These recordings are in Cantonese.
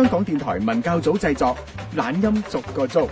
香港電台文教組製作，懶音逐個捉。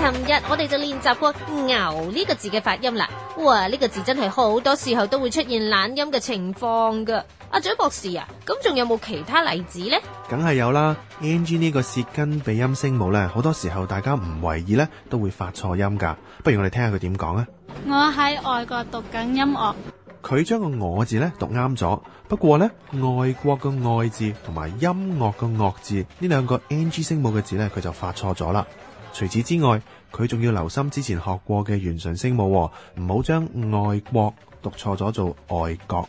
尋日我哋就練習過牛呢個字嘅發音啦。哇，呢、這個字真係好多時候都會出現懶音嘅情況噶。阿、啊、蔣博士啊，咁仲有冇其他例子咧？梗係有啦。ng 呢個舌根鼻音聲母咧，好多時候大家唔為意咧，都會發錯音噶。不如我哋聽下佢點講啊？我喺外國讀緊音樂。佢將個我字咧讀啱咗，不過呢，外國嘅外字同埋音樂嘅樂字呢兩個 ng 聲母嘅字呢，佢就發錯咗啦。除此之外，佢仲要留心之前學過嘅圓唇聲母、哦，唔好將外國讀錯咗做外國。